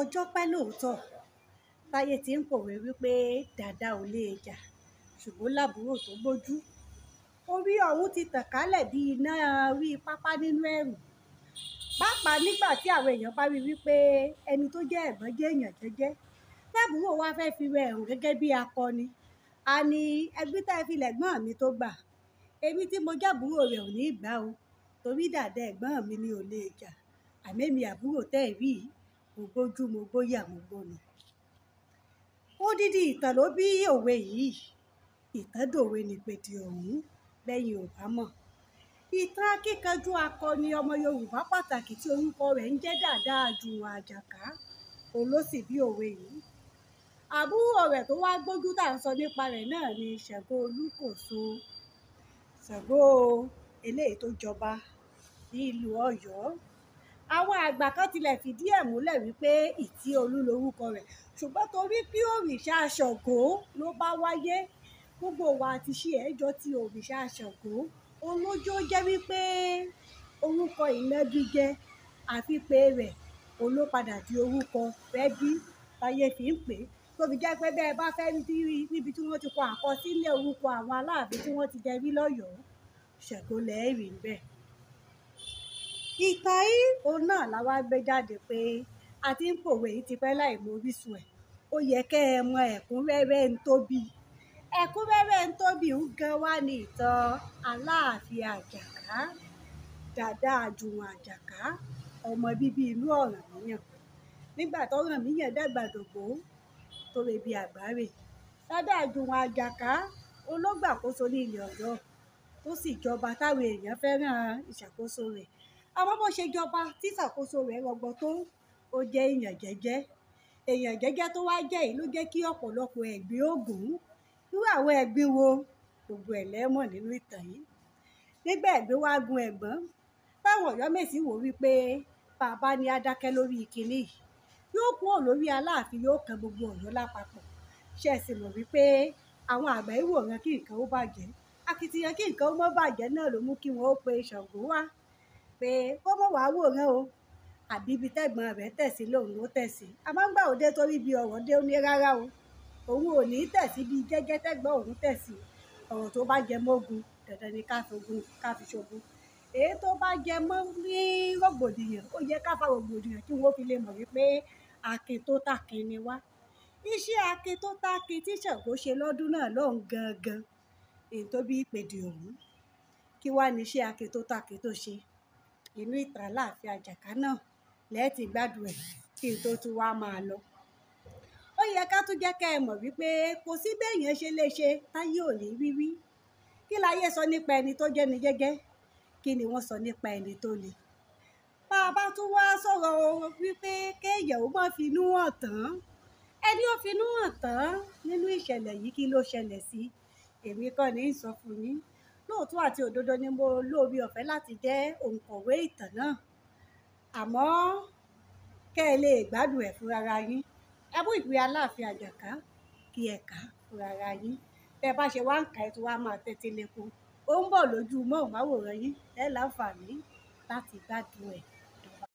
ọjọ́ pẹ́ lóòótọ́ táyé ti ń pòwe wípé dàda ò lè jà ṣùgbọ́n láàbúrò tó gbójú orí ọ̀hún ti tàn kálẹ̀ bí iná rí pápá nínú ẹ̀rù pàápàá nígbà tí àwọn èèyàn bá rí wípé ẹni tó jẹ́ ẹ̀gbọ́n jẹ́ èèyàn jẹ́jẹ́ láàbúrò wa fẹ́ fi rẹ ẹ̀rù gẹ́gẹ́ bí akọni a ní ẹgbẹ́ tá ẹ fi lẹ̀gbọ́n mi tó gbà èmi tí mo jábúrò rẹ̀ ò ní gbà o torí dàda ẹ̀gbọ́n mi ni ò lè jà àmẹ́mi àbúrò tẹ́ ẹ̀ mo gbójú mo gbóyà mo gbóni. odidi ìtàn ló bí òwe yìí ìtàn dòwe ní pètè ọ̀hún bẹ́yìn ò bá mọ̀. ìtàn akíkanjú akọni ọmọ yorùbá pàtàkì tí orúkọ rẹ̀ ń jẹ́ dáadáa ju àjàká olóṣì bí òwe yìí àbúrò rẹ̀ tó wá gbójú tá à ń sọ nípa rẹ̀ náà ni ṣàgó olúkòso ṣàgó eléyìí tó jọba ní ìlú ọ̀yọ́ àwọn àgbà kan tilẹ̀ fìdí ẹ̀ múlẹ̀ wípé ìtí olú lorúkọ rẹ̀ ṣùgbọ́n torí pé òrìṣà Ṣàngó ló bá wáyé gbogbo wa ti ṣe ẹjọ́ ti òrìṣà Ṣàngó olójó jẹ́ wípé orúkọ ìnagijẹ àfipè rẹ̀ olópadà di orúkọ rẹ́bí táyé fi ń pè é tóbi jẹ́ pé bẹ́ẹ̀ bá fẹ́ rí níbi tí wọ́n ti kọ àkọsílẹ̀ orúkọ àwọn Aláàfin tí wọ́n ti jẹ rí lọ́yọ̀ọ́ Ṣàngó lẹ́ẹ̀rí bẹ́ẹ̀ ìtàn yìí òun náà la wá gbé jáde pé a ti ń pòwe yìí ti pẹ́ láì mọ orísun ẹ̀ ó yẹ kẹ́ ẹ mọ ẹ̀kúnrẹ́rẹ́ ń tóbi ẹ̀kúnrẹ́rẹ́ ń tóbi ń gan wá ní ìtàn Aláàfin Àjàká dàdá Àjùwọ̀n Àjàká ọmọ bíbí ìlú Ọ̀rànmíyàn nígbà tọ́rànmíyàn dàgbà dògbò tó lè bi àgbáre dàdá Àjùwọ̀n Àjàká ológbàkóso ní ilẹ̀ Ọ̀yọ́ tó sì jọba táwọn èèyàn fẹ́ràn ìṣàkóso rẹ̀ àmọ́ bó ṣe jọba tí ìṣàkóso rẹ̀ rọgbọ tó ó jẹ́ èèyàn jẹ́jẹ́ èèyàn jẹ́jẹ́ tó wá jẹ́ yìí ló jẹ́ kí ọ̀pọ̀lọpọ̀ ẹ̀gbin Ògún irú àwọn ẹ̀gbin wo gbogbo ẹ̀ lẹ́mọ̀ nínú ìtàn yìí nígbà ẹ̀gbin wá gun ẹ̀gbọ́n táwọn Ọ̀yọ́mèsì wò wípé bàbá ni adákẹ́ lórí kinní yìí yóò kúrò lórí Aláàfin yóò kan gbogbo Ọ̀yọ́ lápapọ̀ ṣe é sì mọ̀ wípé àwọn àgbà ìwòran kí nǹkan ó bàjẹ́ akitiyan kí nǹkan ó mọ́ bàjẹ́ náà ló mú kí wọ́n ó pe Ṣàngó wá pé kó mọ̀ wá wòran o àbí ibi tẹ́gbọ́n rẹ̀ tẹ̀sí lòun ló tẹ̀sí àmọ́ gbà òde torí bí ọ̀rọ̀ dé ó ní rárá o òun ò ní tẹ̀sí bíi jẹ́jẹ́ tẹ́gbọ́n òun tẹ̀sí ọ̀rọ̀ tó bá jẹ mọ́gun dandan ni ká fogun ká fi ṣogun èyí tó bá jẹ mọ́ ní rògbòdìyàn ó yẹ ká fa rògbòdìyàn kí wọ́n fi lè mọ̀ wípé akin tó takin ni wá iṣẹ́ akin tó takin tí Ṣàngó ṣe lọ́dún náà lọ́hùn gangan èyí tó bí ìpèdè ọ̀hún kí wá ní iṣẹ́ akin tó takin tó ṣe inú ìtàn Aláàfin Àjàká náà lẹ́ẹ̀tì gbádùn ẹ̀ kí n tó tún wá máa lọ. ó yẹ ká tún jẹ́ kẹ́ ẹ mọ̀ wípé kò sí béèyàn ṣe lè ṣe táyé ò ní wíwí kí láyé sọ nípa ẹni tó jẹ́ni jẹ́gẹ́ kí ni wọ́n sọ nípa ẹni tó le. bá a bá tún wá sọ̀rọ̀ wípé kéèyàn ó má finú hàn tán ẹni ó finú hàn tán nínú ìṣẹ̀lẹ̀ yìí kí ló ṣẹlẹ̀ sí èmi kọ́ ni ń lóòótọ́ àti òdodo ni mo lóore ọ̀fẹ́ láti jẹ́ òǹkọ̀wé ìtàn náà àmọ́ kẹ́ ẹ lè gbádùn ẹ̀ fúnra yín ẹ bú ìwé aláàfin àjàká kí ẹ kà á fúnra yín bẹ́ ẹ bá ṣe wá ń kà ẹ tó wá máa tẹ́tí lẹ́kọ̀ọ́ ó ń bọ̀ lójú mọ́ọ̀máwòrán yín ẹ láǹfààní láti gbádùn ẹ̀.